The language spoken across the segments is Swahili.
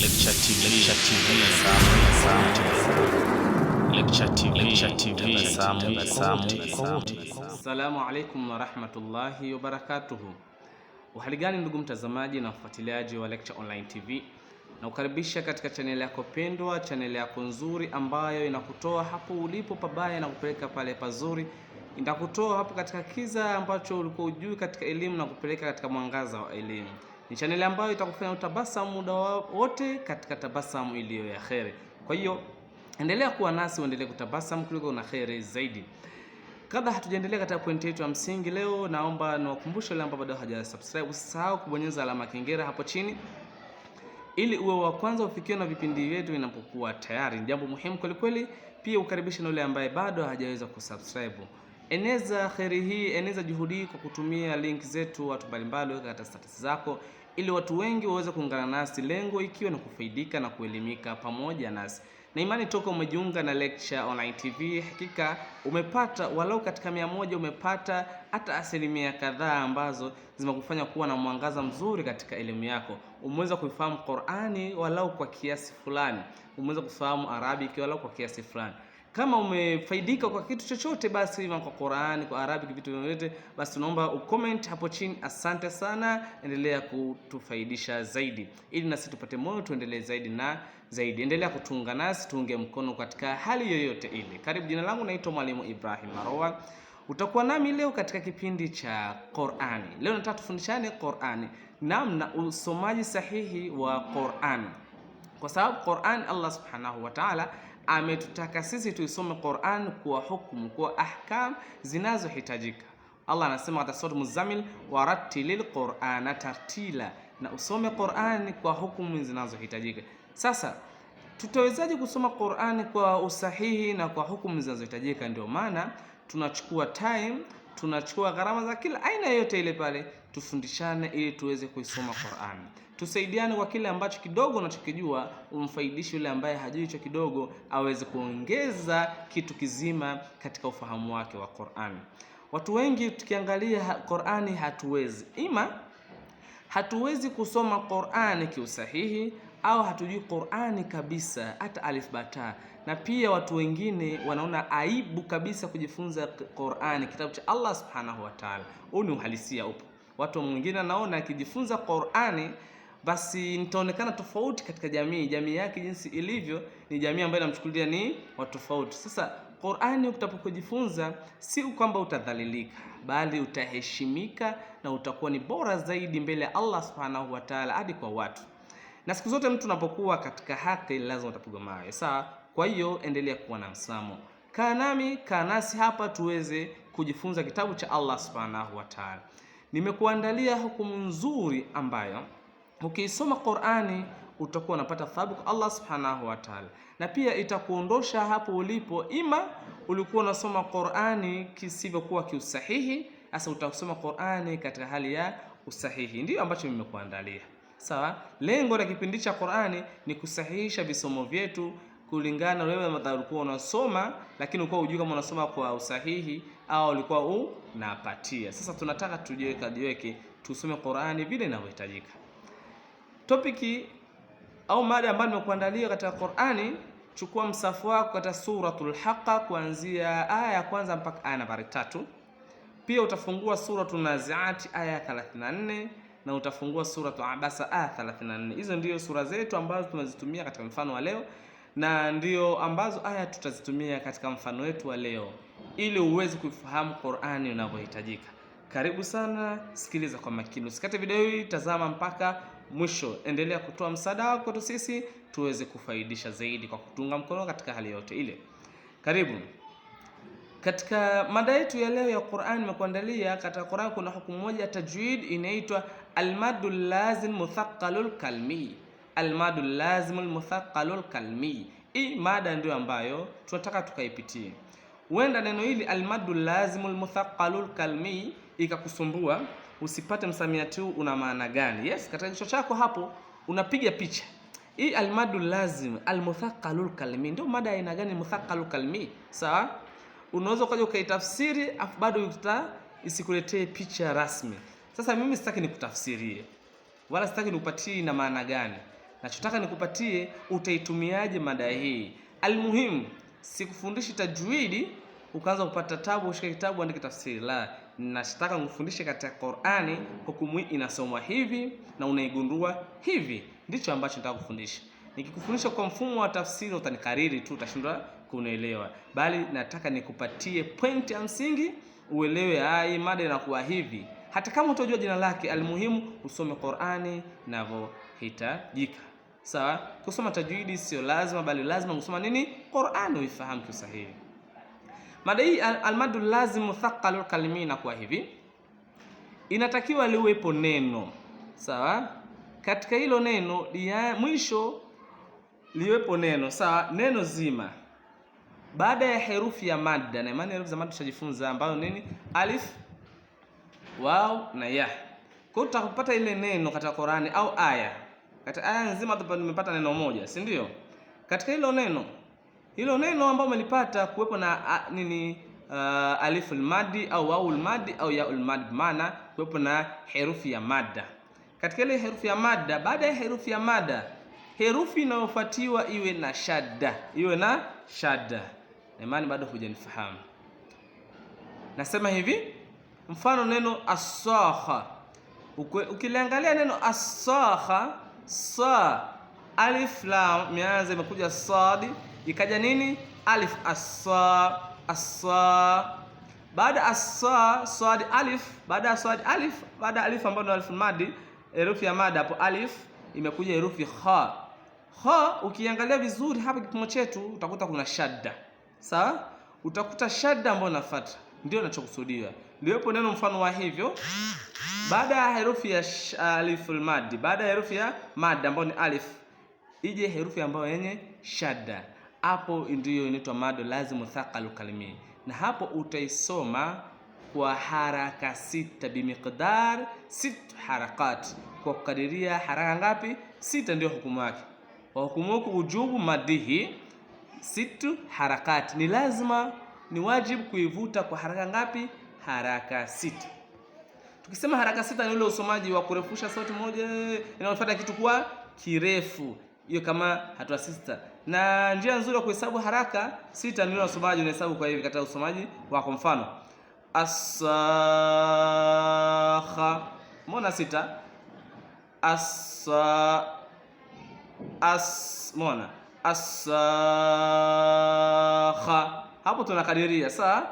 Lecture Assalamu alaikum warahmatullahi wabarakatuhu. uhaligani ndugu mtazamaji na mfuatiliaji wa Lecture Online TV, na kukaribisha katika chaneli yako pendwa, chaneli yako nzuri ambayo inakutoa hapo ulipo pabaya na kupeleka pale pazuri inakutoa hapo katika kiza ambacho ulikuwa ujui katika elimu na kupeleka katika mwangaza wa elimu ni chaneli ambayo itakufanya utabasamu muda wote katika tabasamu iliyo ya kheri. Kwa hiyo endelea kuwa nasi, uendelee kutabasamu kuliko una kheri zaidi. Kabla hatujaendelea katika pointi yetu ya msingi leo, naomba niwakumbushe wale ambao bado hawajasubscribe, usisahau kubonyeza alama kengele hapo chini ili uwe wa kwanza ufikiwe na vipindi vyetu vinapokuwa tayari. Ni jambo muhimu kweli kweli. Pia ukaribishe na yule ambaye bado hajaweza kusubscribe. Eneza kheri hii, eneza juhudi hii kwa kutumia link zetu watu mbalimbali, weka katika status zako ili watu wengi waweze kuungana nasi, lengo ikiwa ni kufaidika na kuelimika pamoja nasi. Na imani toka umejiunga na Lecture Online TV, hakika umepata walau katika mia moja umepata hata asilimia kadhaa ambazo zimekufanya kuwa na mwangaza mzuri katika elimu yako. Umeweza kuifahamu Qur'ani walau kwa kiasi fulani, umeweza kufahamu Arabic walau kwa kiasi fulani. Kama umefaidika kwa kitu chochote, basi ima kwa Qur'an, kwa Arabic, vitu vyovyote, basi tunaomba ucomment hapo chini. Asante sana, endelea kutufaidisha zaidi, ili nasi tupate moyo tuendelee zaidi na zaidi. Endelea kutunga nasi, tuunge mkono katika hali yoyote ile. Karibu, jina langu naitwa Mwalimu Ibrahim Marwa. Utakuwa nami leo katika kipindi cha Qur'ani. Leo nataka tufundishane Qur'ani, namna usomaji sahihi wa Qur'ani, kwa sababu Qur'an Allah subhanahu wa ta'ala ametutaka sisi tuisome Qur'an kwa hukumu, kwa ahkam zinazohitajika. Allah anasema katika sura Muzammil, warattilil Qur'ana tartila, na usome Qur'an kwa hukumu zinazohitajika. Sasa tutawezaje kusoma Qur'an kwa usahihi na kwa hukumu zinazohitajika? Ndio maana tunachukua time, tunachukua gharama za kila aina yote ile pale, tufundishane ili tuweze kuisoma Qur'an. Tusaidiane kwa kile ambacho kidogo unachokijua, umfaidishe yule ambaye hajui hicho kidogo, aweze kuongeza kitu kizima katika ufahamu wake wa Qur'an. Watu wengi tukiangalia Qur'ani hatuwezi, ima hatuwezi kusoma Qur'ani kiusahihi au hatujui Qur'ani kabisa, hata alif bata. Na pia watu wengine wanaona aibu kabisa kujifunza Qur'ani, kitabu cha Allah subhanahu wa ta'ala. Huu ni uhalisia upo. Watu mwingine anaona akijifunza Qur'ani basi nitaonekana tofauti katika jamii. Jamii yake jinsi ilivyo ni jamii ambayo inamchukulia ni watu tofauti. Sasa Qur'ani utakapojifunza, si kwamba utadhalilika, bali utaheshimika na utakuwa ni bora zaidi mbele ya Allah subhanahu wa ta'ala, hadi kwa watu. Na siku zote mtu unapokuwa katika haki lazima utapigwa mawe, sawa? Kwa hiyo endelea kuwa na msamo. Kaa nami, kaa nasi hapa tuweze kujifunza kitabu cha Allah subhanahu wa ta'ala. Nimekuandalia hukumu nzuri ambayo Ukiisoma Qur'ani utakuwa unapata thawabu kwa Allah subhanahu wa ta'ala, na pia itakuondosha hapo ulipo, ima ulikuwa unasoma Qur'ani kisivyokuwa kiusahihi. Sasa utasoma Qur'ani katika hali ya usahihi, ndiyo ambacho nimekuandalia. Sawa, lengo la kipindi cha Qur'ani ni kusahihisha visomo vyetu kulingana wewe madhara ulikuwa unasoma, lakini ulikuwa unajua kama unasoma kwa usahihi au ulikuwa unapatia. Sasa tunataka tujiweke tujiweke tusome Qur'ani vile inavyohitajika. Topiki au mada ambayo nimekuandalia katika Qur'ani, chukua msafu wako katika suratul Haqqa kuanzia aya ya kwanza mpaka aya nambari tatu. Pia utafungua suratul Naziat aya ya 34 na utafungua suratul Abasa aya 34. Hizo ndiyo sura zetu ambazo tunazitumia katika mfano wa leo na ndiyo ambazo aya tutazitumia katika mfano wetu wa leo ili uweze kuifahamu Qur'ani unavyohitajika. Karibu sana, sikiliza kwa makini, usikate video hii, tazama mpaka Mwisho, endelea kutoa msaada wako kwetu sisi tuweze kufaidisha zaidi kwa kutunga mkono katika hali yote ile. Karibu katika mada yetu ya leo ya Qur'an. Nimekuandalia katika Qur'an kuna hukumu moja tajwid inaitwa almadu lazim muthaqqalul kalmi, almadu lazim muthaqqalul kalmi. Hii mada ndio ambayo tunataka tukaipitie. Huenda neno hili almadu lazim muthaqqalul kalmi ikakusumbua usipate msamiati tu una maana gani? Yes, katika kichwa chako hapo unapiga picha hii. Almadu lazim almuthaqqalul kalmi, ndio mada aina gani? Muthaqqalul kalmi, sawa. Unaweza ukaja ukaitafsiri afu bado ukuta isikuletee picha rasmi. Sasa mimi sitaki nikutafsirie wala sitaki nikupatie na maana gani, nachotaka nikupatie utaitumiaje mada hii. Almuhimu sikufundishi tajwidi ukaanza kupata tabu, ushika kitabu andike tafsiri la nataka kufundisha katika Qur'ani, hukumu hii inasomwa hivi na unaigundua hivi. Ndicho ambacho nataka kufundisha. Nikikufundisha kwa mfumo wa tafsiri utanikariri tu, utashindwa kunaelewa, bali nataka nikupatie point ya msingi uelewe, hai mada inakuwa hivi, hata kama utajua jina lake, almuhimu usome Qur'ani inavyohitajika. Sawa, kusoma tajwidi sio lazima, bali lazima kusoma nini, Qur'ani uifahamu kiusahihi. Mada hii almadu lazimu thaqalul kalimi inakuwa hivi, inatakiwa liwepo neno sawa, katika hilo neno ya mwisho liwepo neno sawa, neno zima baada ya herufi ya mada, na imani herufi za mada tushajifunza, ambayo nini? Alif, wao na ya. Kwa hiyo ile neno katika Qur'ani au aya, katika aya nzima nimepata neno moja, si ndio? Katika hilo neno hilo neno ambao umelipata kuwepo na a, nini uh, aliful madi au waul madi au yaul madi, maana kuwepo na herufi ya mada katika ile herufi ya mada. Baada ya herufi ya mada, herufi inayofuatiwa iwe na shadda, iwe na shadda. Imani bado hujanifahamu. Nasema hivi, mfano neno asaha, ukiliangalia neno asaha, sa alif lam imeanza imekuja sadi ikaja nini? Alif asa asa baada asa swad alif, baada ya swadi alif, baada ya alif ambayo ndio alif madi, herufi ya mada hapo alif, imekuja herufi kha kha. Ukiangalia vizuri hapa kipimo chetu utakuta kuna shadda, sawa? Utakuta shadda ambayo nafuata, ndio ninachokusudia liwepo neno mfano wa hivyo baada ya herufi ya aliful madi, baada ya herufi ya mada ambayo ni alif ije herufi ambayo yenye shadda hapo ndiyo inaitwa mado lazimu thaqalu kalimi, na hapo utaisoma kwa haraka sita bimiqdar sit harakat, kwa kukadiria haraka ngapi? Sita, ndio hukumu yake. Wa hukumu huku ujubu madihi situ harakati, ni lazima ni wajibu kuivuta kwa haraka ngapi? Haraka sita. Tukisema haraka sita ni ule usomaji wa kurefusha sauti moja inayofuata kitu kuwa kirefu hiyo kama hatua sita. Na njia nzuri ya kuhesabu haraka sita ndio usomaji, unahesabu kwa hivi katika usomaji wako, mfano asakha, mbona sita? Asa as, mbona asakha? Hapo tunakadiria saa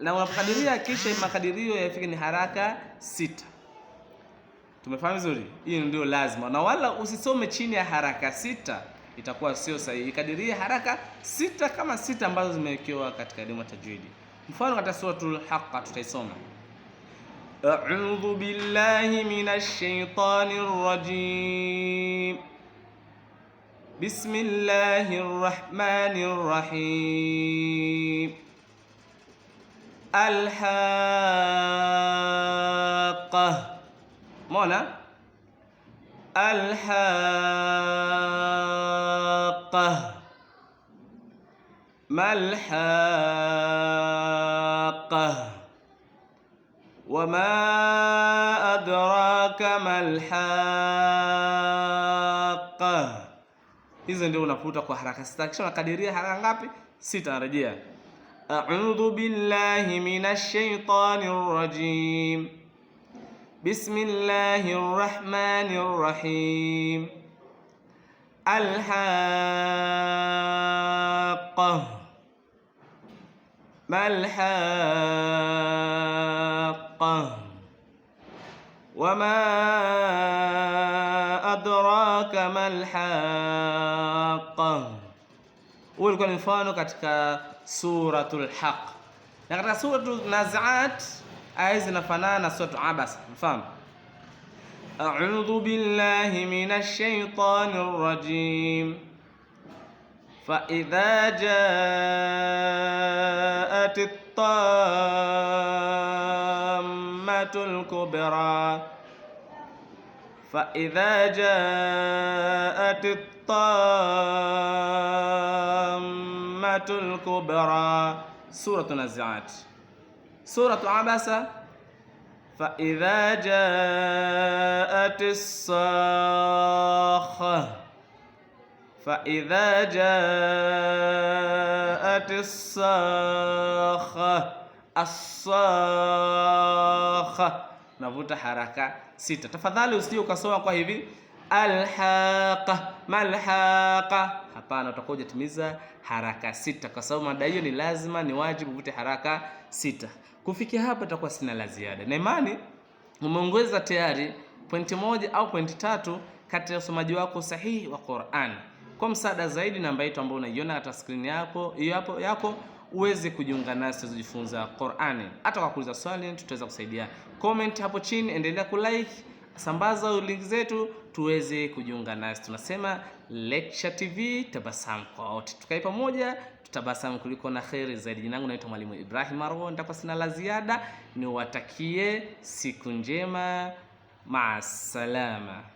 na unapokadiria, kisha makadirio yafike ni haraka sita. Tumefahamu vizuri, hii ndio lazima, na wala usisome chini ya haraka sita, itakuwa sio sahihi. Ikadiria haraka sita kama sita ambazo zimewekewa katika elimu ya tajwidi. Mfano katika suratul Haqqa tutaisoma A'udhu billahi minash shaitani rrajim Bismillahir rahmanir rahim Al-Haqqa معنى الحاقة ما الحاقة وما أدراك ما الحاقة hizo ndio unafuta kwa haraka sita kisha unakadiria haraka ngapi sita rejea a'udhu billahi minash shaitani rrajim بسم الله الرحمن الرحيم الحاقة ما الحاقة وما أدراك ما الحاقة ولكن فانو كتك سورة الحق نقرأ سورة نزعات aya zinafanana na suratu Abasa, mfano a'udhu billahi minash shaitanir rajim فإذا جاءت الطامة الكبرى فإذا جاءت الطامة الكبرى سورة نزعات سورة عباسة فإذا جاءت الصاخة فإذا جاءت الصاخة الصاخة نفوت حركة ستة تفضل أستيو كسوة قهبي alhaqa malhaqa. Hapana, utakuja timiza haraka sita, kwa sababu mada hiyo ni lazima, ni wajibu uvute haraka sita. Kufikia hapa, itakuwa sina la ziada, na imani umeongeza tayari pointi moja au pointi tatu kati ya usomaji wako sahihi wa Qur'an. Kwa msaada zaidi, namba yetu ambayo unaiona hata screen yako hiyo hapo yako uweze kujiunga nasi kujifunza Qur'ani. Hata kwa kuuliza swali tutaweza kusaidia. Comment hapo chini, endelea kulike sambaza link zetu tuweze kujiunga nasi. Tunasema Lecture TV, tabasamu kwa wote, tukae pamoja tutabasamu kuliko na kheri zaidi. Jina langu naitwa Mwalimu Ibrahim Arwo, nitakuwa sina la ziada, niwatakie siku njema, maasalama.